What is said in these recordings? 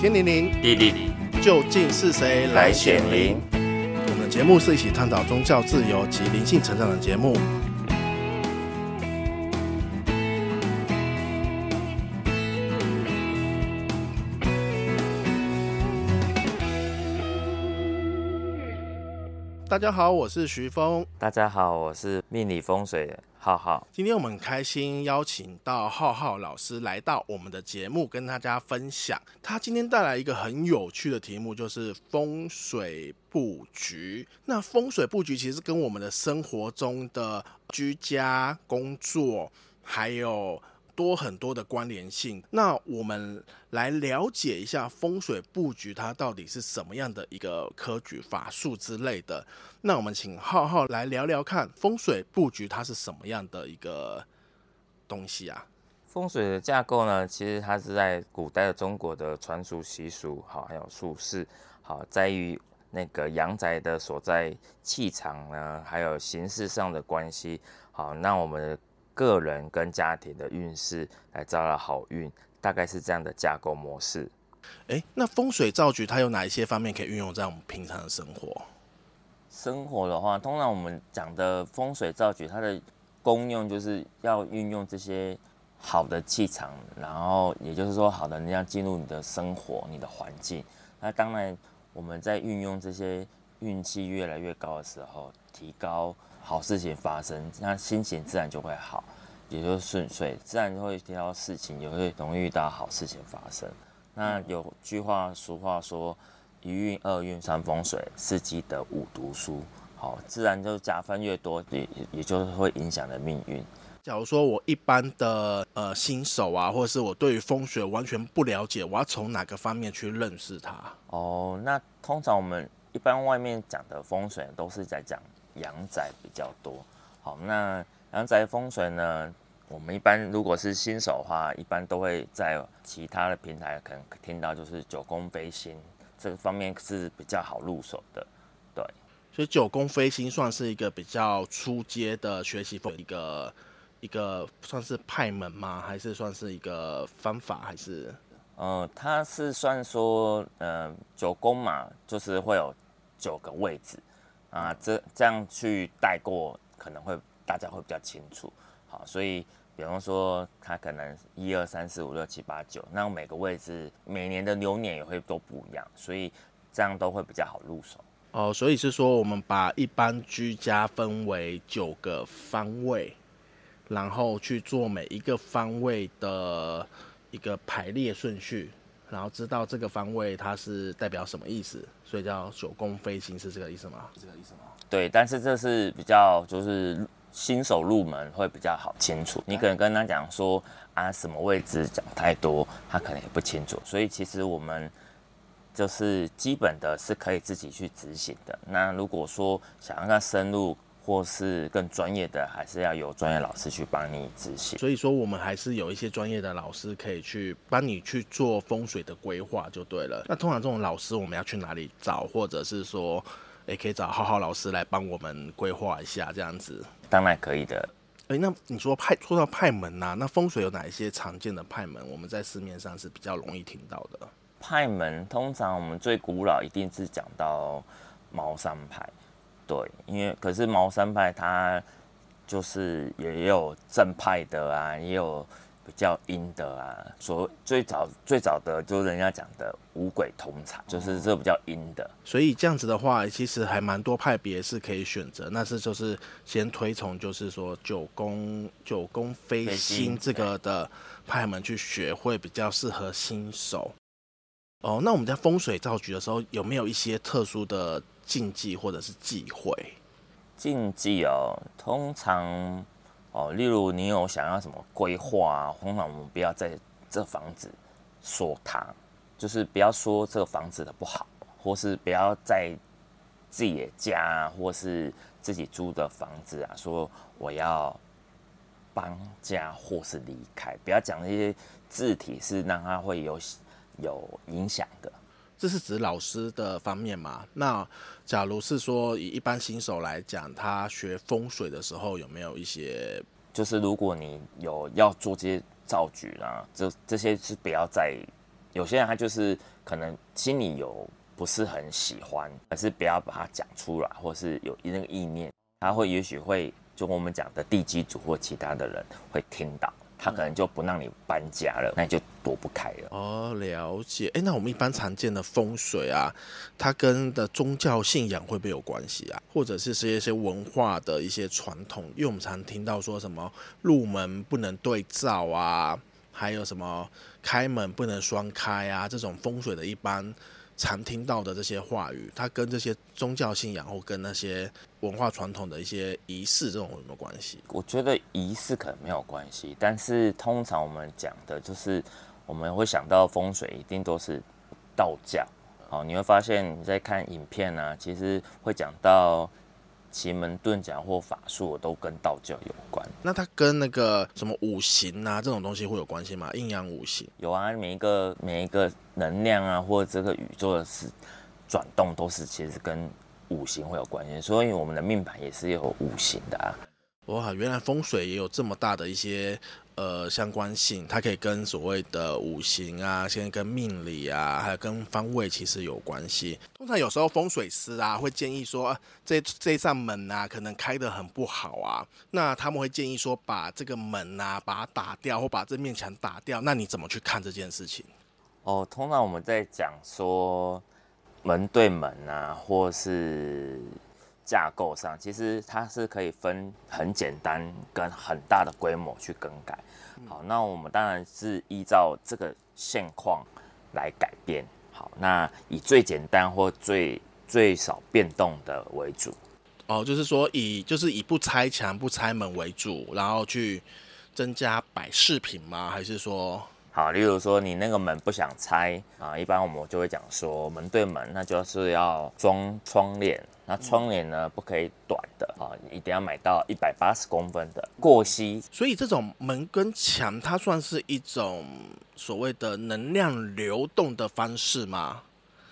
天靈靈，地靈靈，究竟是誰來顯靈？靈。我們節目是一起探討宗教自由及靈性成長的節目。大家好，我是徐峰。大家好，我是命理風水。好好，今天我們很開心邀請到浩浩老師來到我們的節目，跟大家分享。他今天帶來一個很有趣的題目，就是風水佈局。那風水佈局其實跟我們的生活中的居家、工作，還有多很多的關聯性，那我們來了解一下風水布局，它到底是什麼樣的一個科舉法術之類的？那我們請浩浩來聊聊看風水布局它是什麼樣的一個東西啊？風水的架構呢，其實它是在古代的中國的傳統習俗，好，還有術士，好，在於那個陽宅的所在氣場呢，還有形式上的關係，好，那我們。個人跟家庭的運勢來招來好運，大概是這樣的架構模式。欸，那風水造局它有哪一些方面可以運用在我們平常的生活？生活的話，通常我們講的風水造局，它的功用就是要運用這些好的氣場，然後也就是說好的能量進入你的生活、你的環境。那當然，我們在運用這些。運氣越來越高的時候，提高好事情發生，那心情自然就會好，也就是順遂，自然會提到事情，也會容易遇到好事情發生。那有句話，俗話說：一運二運三風水，四季得五讀書。好，自然就加分越多，也也就是會影響了命運。假如說我一般的呃新手啊，或者是我對於風水完全不了解，我要從哪個方面去認識它？哦，那通常我們。一般外面講的風水都是在講陽宅比較多。好，那陽宅風水呢？我們一般如果是新手的話，一般都會在其他的平台可能聽到就是九宮飛星，這個方面是比較好入手的。對，所以九宮飛星算是一個比較初階的學習，一個一個算是派門嗎？還是算是一個方法？還是？嗯、呃，它是算說，呃，九宮嘛，就是會有。九個位置，啊，這這樣去帶過，可能會大家會比較清楚。好，所以比方說，它可能一二三四五六七八九，那每個位置每年的流年也會都不一樣，所以這樣都會比較好入手。哦，所以是說我們把一般居家分為九個方位，然後去做每一個方位的一個排列順序。然後知道這個方位它是代表什麼意思，所以叫手工飛行是這個意思嗎？是這個意思嗎？對，但是這是比較就是新手入門會比較好清楚。你可能跟他講說啊什麼位置講太多，他可能也不清楚。所以其實我們就是基本的是可以自己去執行的。那如果說想讓他深入，或是更專業的，還是要有專業老師去幫你執行。所以說，我們還是有一些專業的老師可以去幫你去做風水的規劃，就對了。那通常這種老師我們要去哪裡找？或者是說，也、欸、可以找浩浩老師來幫我們規劃一下，這樣子。當然可以的。哎、欸，那你說派說到派門吶、啊，那風水有哪一些常見的派門？我們在市面上是比較容易聽到的派門。通常我們最古老一定是講到茅山派。對，因為可是，茅山派它就是也有正派的啊，也有比較陰的啊。所以最早最早的就是人家講的五鬼同場，就是這比較陰的，哦。所以這樣子的話，其實還蠻多派別是可以選擇。那是就是先推崇，就是說九宮九宮飛星這個的派門去學會比較適合新手。哦，那我們在風水造局的時候有沒有一些特殊的？禁忌或者是忌諱，禁忌哦，通常哦，例如你有想要什麼規劃、啊，通常我們不要在這房子說他，就是不要說這個房子的不好，或是不要在自己的家、啊、或是自己租的房子啊，說我要搬家或是離開，不要講那些字體是讓他會有有影響的。這是指老師的方面嗎？那假如是說以一般新手來講，他學風水的時候有沒有一些？就是如果你有要做這些造句啊，這這些是不要在意。有些人他就是可能心裡有不是很喜歡，而是不要把它講出來，或是有那個意念，他會也許會就跟我們講的地基主或其他的人會聽到。他可能就不讓你搬家了，那你就躲不開了。哦，了解。誒，那我們一般常見的風水啊，它跟的宗教信仰會不會有關係啊？或者是這一些文化的一些傳統？因為我們常聽到說什麼入門不能對灶啊，還有什麼開門不能雙開啊，這種風水的一般。常聽到的這些話語，它跟這些宗教信仰或跟那些文化傳統的一些儀式，這種有沒有關係？我覺得儀式可能沒有關係，但是通常我們講的就是，我們會想到風水一定都是道教。好，你會發現你在看影片啊，其實會講到。奇門遁甲或法術都跟道教有關，那它跟那個什麼五行啊這種東西會有關係嗎？陰陽五行，有啊，每一個每一個能量啊，或者這個宇宙的轉轉動都是其實跟五行會有關係，所以我們的命盤也是有五行的啊。哇，原來風水也有這麼大的一些。呃，相關性，它可以跟所謂的五行啊，現在跟命理啊，還有跟方位其實有關係。通常有時候風水師啊會建議說，啊、這這扇門啊可能開得很不好啊，那他們會建議說把這個門啊把它打掉，或把這面牆打掉。那你怎麼去看這件事情？哦，通常我們在講說門對門啊，或是。架構上其實它是可以分很簡單跟很大的規模去更改。好，那我們當然是依照這個現況來改變。好，那以最簡單或最最少變動的為主。哦，就是說以就是以不拆牆不拆門為主，然後去增加擺飾品嗎？還是說，好，例如說你那個門不想拆啊，一般我們就會講說門對門，那就是要裝窗簾。那窗簾呢？不可以短的、嗯、啊，一定要買到一百八十公分的過膝。所以這種門跟牆，它算是一種所謂的能量流動的方式嗎？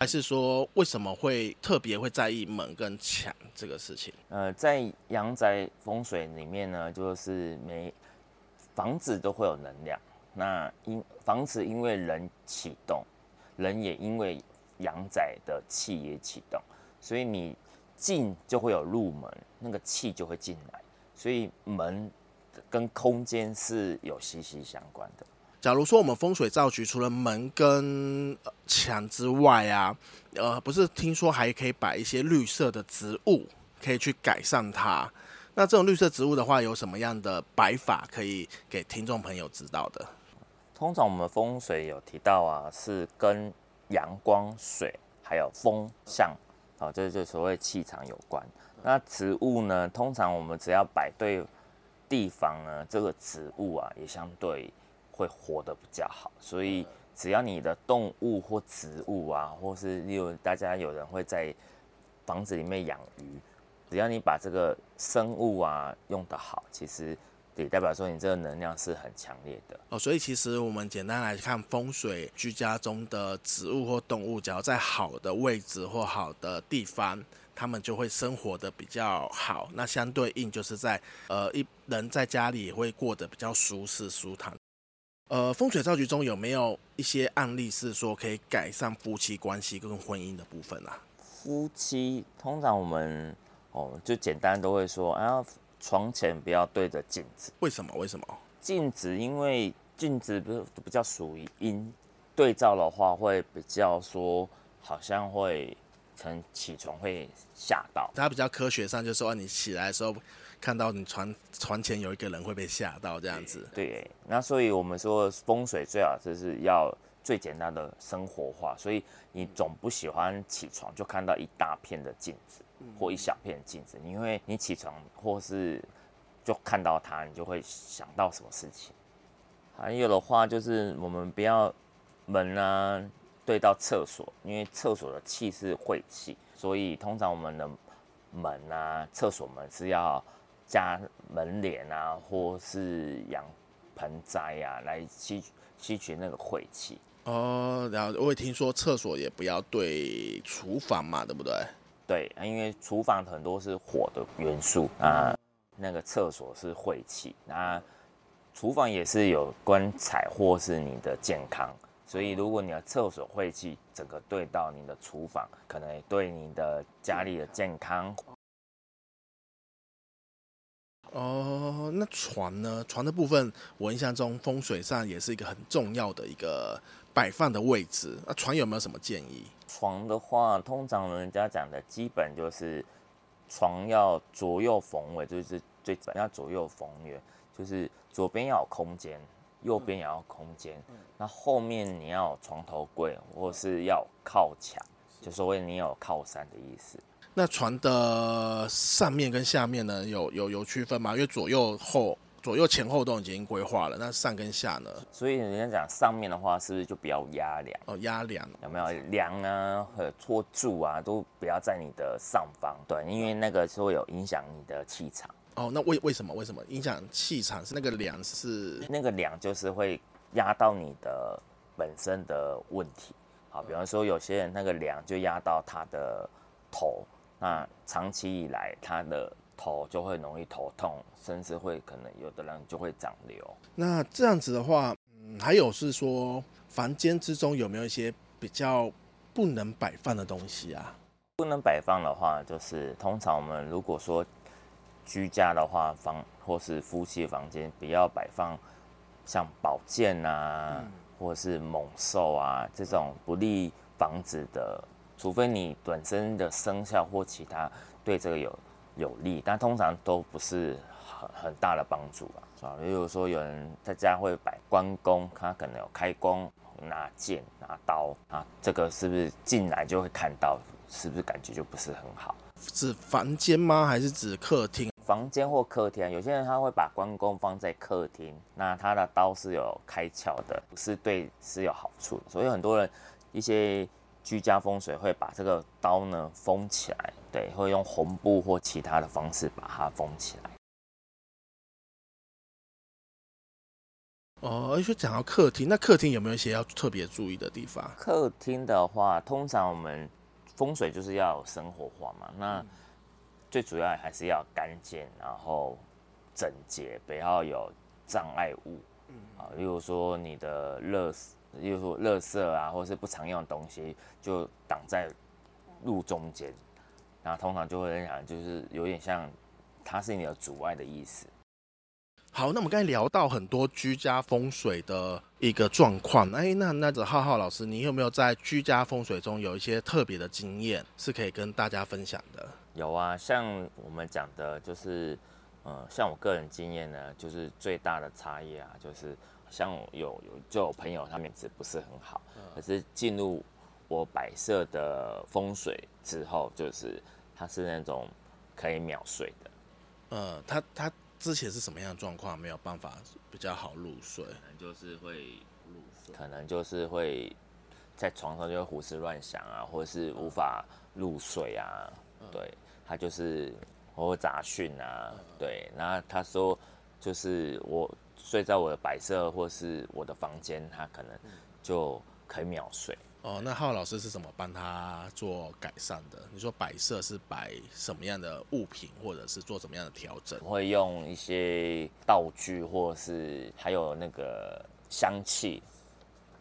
還是說，為什麼會特別會在意門跟牆這個事情？呃，在陽宅風水裡面呢，就是每房子都會有能量，那因房子因為人啟動，人也因為陽宅的氣也啟動，所以你，進就會有入門，那個氣就會進來，所以門跟空間是有息息相關的。假如說我們風水造局，除了門跟牆之外啊，呃，不是聽說還可以擺一些綠色的植物，可以去改善它。那這種綠色植物的話，有什麼樣的擺法可以給聽眾朋友知道的？通常我們風水有提到啊，是跟陽光、水還有風向。好、哦，這就所謂氣場有關。那植物呢？通常我們只要擺對地方呢，這個植物啊，也相對會活得比較好。所以，只要你的動物或植物啊，或是例如大家有人會在房子裡面養魚，只要你把這個生物啊用得好，其實，也代表說你這個能量是很強烈的哦，所以其實我們簡單來看風水居家中的植物或動物，只要在好的位置或好的地方，他們就會生活的比較好。那相對應就是在呃一人在家裡也會過得比較舒適舒坦。呃，風水造局中有沒有一些案例是說可以改善夫妻關係跟婚姻的部分啊？夫妻通常我們哦就簡單都會說，啊床前不要對着鏡子，為什麼？為什麼？鏡子，因為鏡子不是比較屬於陰，對照的話會比較說好像會從起床會嚇到，它比較科學上就是說你起來的時候看到你床床前有一個人會被嚇到這樣子對。對，那所以我們說風水最好就是要最簡單的生活化，所以你總不喜歡起床就看到一大片的鏡子。或一小片鏡子，因為你起床或是就看到它，你就會想到什麼事情。還有的話就是，我們不要門啊對到廁所，因為廁所的氣是晦氣，所以通常我們的門啊、廁所門是要加門簾啊，或是養盆栽啊來吸吸取那個晦氣。哦，然後我也聽說廁所也不要對廚房嘛，對不對？對，因為廚房很多是火的元素啊，那，那個廁所是晦氣，那廚房也是有關財，或是你的健康，所以如果你的廁所晦氣，整個對到你的廚房，可能也對你的家裡的健康。哦、呃，那床呢？床的部分，我印象中風水上也是一個很重要的一個。擺放的位置，那床有沒有什麼建議？床的話，通常人家講的基本就是床要左右逢尾，就是最主要左右逢源，就是左邊要有空間，右邊也要空間。嗯、那後面你要有床頭櫃，或是要靠牆，是就所謂你有靠山的意思。那床的上面跟下面呢，有有有區分嗎？因為左右後。左右前後都已經規劃了，那上跟下呢？所以人家講上面的話，是不是就不要壓梁？哦，壓梁，有沒有梁啊？或者托柱啊，都不要在你的上方。對，因為那個是會有影響你的氣場。哦，那為為什麼？為什麼影響氣場？是那個梁是？那個梁就是會壓到你的本身的問題。好，比方說有些人那個梁就壓到他的頭，那長期以來他的。頭就會容易頭痛，甚至會可能有的人就會長瘤。那這樣子的話，嗯，還有是說，房間之中有沒有一些比較不能擺放的東西啊？不能擺放的話，就是通常我們如果說居家的話，房或是夫妻的房間不要擺放像寶劍啊，嗯、或是猛獸啊這種不利房子的，除非你本身的生肖或其他對這個有。有利，但通常都不是很很大的幫助啊，是吧？比如說有人在家會擺關公，他可能有開弓拿劍拿刀啊，這個是不是進來就會看到，是不是感覺就不是很好？是房間嗎？還是指客廳？房間或客廳，有些人他會把關公放在客廳，那他的刀是有開竅的，是對是有好處的，所以很多人一些。居家風水會把這個刀呢封起來，對，會用紅布或其他的方式把它封起來。哦，而說，講到客廳，那客廳有沒有一些要特別注意的地方？客廳的話，通常我們風水就是要生活化嘛，那最主要還是要乾淨，然後整潔，不要有障礙物啊，例如說你的樂就是說，垃圾啊，或者是不常用的東西，就擋在路中間，然後通常就會很想就是有點像它是你的阻礙的意思。好，那我們剛才聊到很多居家風水的一個狀況，哎、欸，那那子浩浩老師，你有沒有在居家風水中有一些特別的經驗是可以跟大家分享的？有啊，像我們講的就是、呃，像我個人經驗呢，就是最大的差異啊，就是。像有有就有朋友，他面子不是很好，嗯、可是進入我擺設的風水之後，就是他是那種可以秒睡的。呃、嗯，他他之前是什麼樣的狀況？沒有辦法比較好入睡，可能就是會，可能就是會在床上就會胡思亂想啊，或者是無法入睡啊。嗯、對，他就是會雜訊啊。嗯、對，然後他說就是我。睡在我的擺設或是我的房間，他可能就可以秒睡。哦，那浩老師是怎麼幫他做改善的？你說擺設是擺什麼樣的物品，或者是做什麼樣的調整？我會用一些道具，或是還有那個香氣，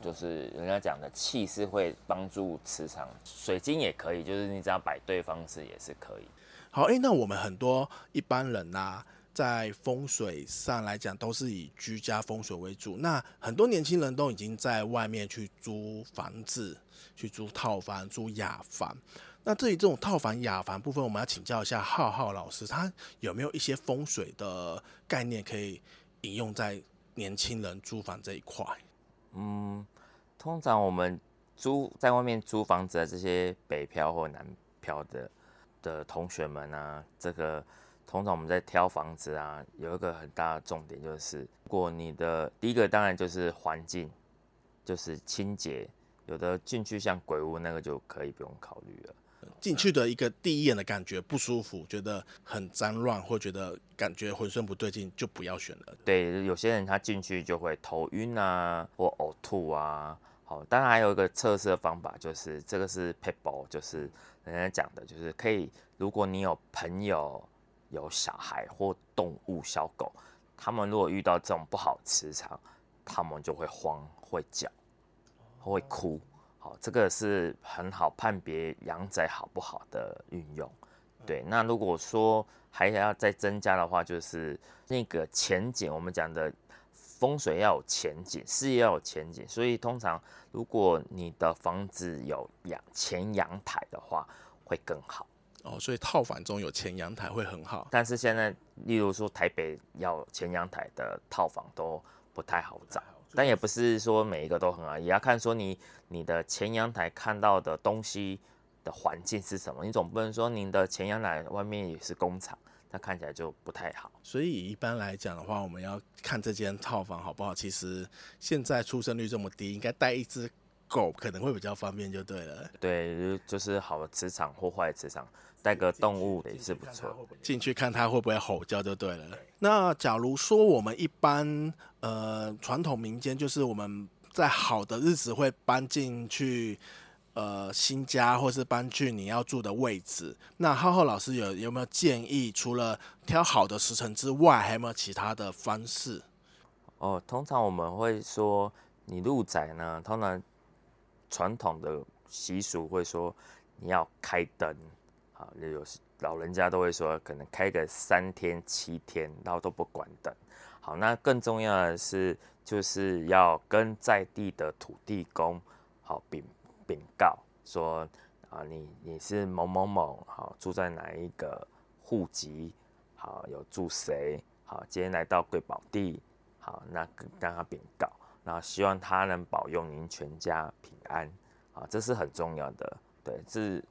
就是人家講的氣是會幫助磁場。水晶也可以，就是你只要擺對方式也是可以。好，哎、欸，那我們很多一般人吶、啊。在風水上來講，都是以居家風水為主。那很多年輕人都已經在外面去租房子，去租套房、租雅房。那至於這種套房、雅房部分，我們要請教一下浩浩老師，他有沒有一些風水的概念可以引用在年輕人租房這一塊？嗯，通常我們租在外面租房子的這些北漂或南漂的的同學們啊，這個。通常我們在挑房子啊，有一個很大的重點就是，如果你的第一個當然就是環境，就是清潔，有的進去像鬼屋那個就可以不用考慮了。進去的一個第一眼的感覺不舒服，覺得很髒亂，或覺得感覺渾身不對勁，就不要選了。對，有些人他進去就會頭暈啊，或嘔吐啊。好，當然還有一個測試的方法，就是這個是撇步，就是人家講的，就是可以，如果你有朋友。有小孩或動物，小狗，他們如果遇到這種不好的磁場，他們就會慌、會叫、會哭。好，這個是很好判別陽宅好不好的運用。對，那如果說還要再增加的話，就是那個前景，我們講的風水要有前景，事業要有前景。所以通常如果你的房子有陽前陽台的話，會更好。哦，所以套房中有前陽台會很好，但是現在，例如說台北要前陽台的套房都不太好找。好，但也不是說每一個都很好，也要看說你你的前陽台看到的東西的環境是什麼？你總不能說你的前陽台外面也是工廠，它看起來就不太好。所以一般來講的話，我們要看這間套房好不好，其實現在出生率這麼低，應該帶一隻。狗可能會比較方便，就對了。對，就是好的磁場或壞磁場，帶個動物也是不錯。進去看它會不會吼叫就對了。對。那假如說我們一般呃傳統民間，就是我們在好的日子會搬進去呃新家，或是搬去你要住的位置。那浩浩老師有有沒有建議？除了挑好的時辰之外，還有沒有其他的方式？哦，通常我們會說你入宅呢，通常。傳統的習俗會說你要開燈，好，有老人家都會說可能開個三天、七天，然後都不管燈。好，那更重要的是就是要跟在地的土地公好稟稟告說啊，你你是某某某，好住在哪一個戶籍，好有住誰，好今天來到貴寶地，好那跟他稟告。那希望他能保佑您全家平安啊，這是很重要的。對，至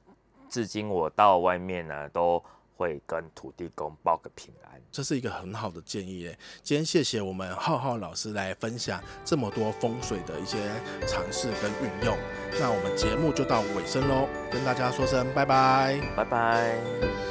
至今我到外面呢，都會跟土地公報個平安。這是一個很好的建議耶。今天謝謝我們浩浩老師來分享這麼多風水的一些嘗試跟運用。那我們節目就到尾聲嘍，跟大家說聲拜拜，拜拜。拜拜。